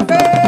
Mbappé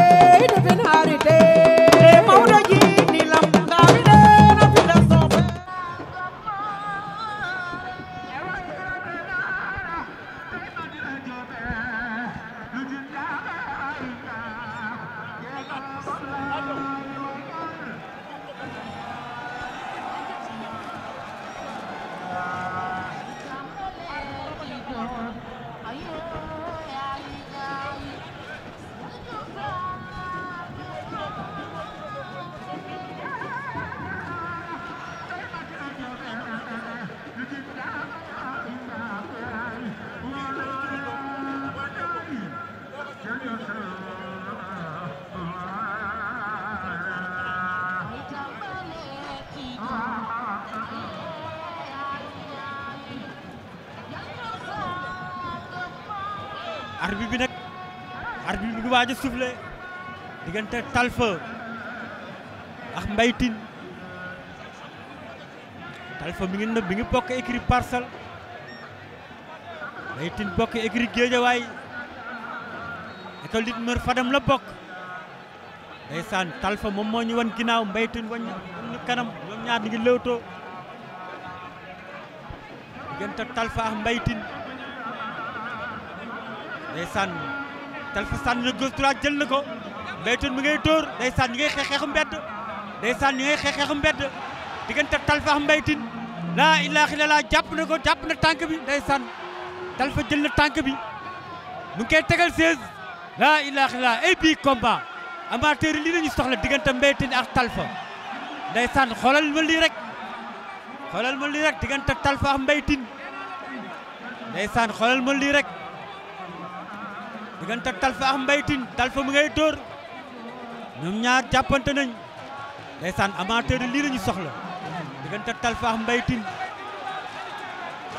arbitre bi nag arbitre bi ngi waaj a soufflé diggante Talfa ak mbaytin Tine Talfa mi ngi nëb mi ngi bokk écurie Parcelles Mbaye Tine bokk écurie Guédiawaye école lit meur Fadam la bokk ndeysaan Talfa moom moo ñu wan ginnaaw mbaytin Tine wan ñu kanam ñoom ñaar ñu ngi lewtoo diggante Talfa ak Mbaye day sànni Talfa sànni na gauche jël na ko mbaytoon mi ngay tóor day sànni ñi ngay xeex xeexu mbedd day sànni ñi ngay xeex xeexu mbedd diggante Talfa ak mbaytin laa ilaaha jàpp na ko jàpp na tànk bi day sànni Talfa jël na tànk bi mu ngi koy tegal 16 laa ilaaha illallaah ay bii combat amateur yi lii la ñu soxla diggante mbaytin ak Talfa day sànni xoolal ma lii rek xoolal ma lii rek diggante Talfa ak mbaytin day sànni xoolal ma lii rek diggante Talfa ak Mbaye Tine Talfa mu ngay dóor ñoom ñaar jàppante nañ ndeysaan amateur yi lii la ñu soxla diggante Talfa ak Mbaye mbaytin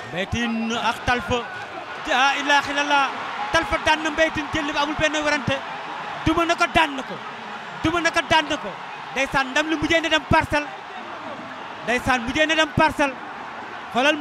Mbaye Tine ak Talfa laa ilaaha illallaah Talfa daan na Mbaye Tine jël bi amul benn werante duma na ko daan ko duma na ko daan na ko ndeysaan ndam li mujjee na dem parcelle ndeysaan mujjee na dem parcelle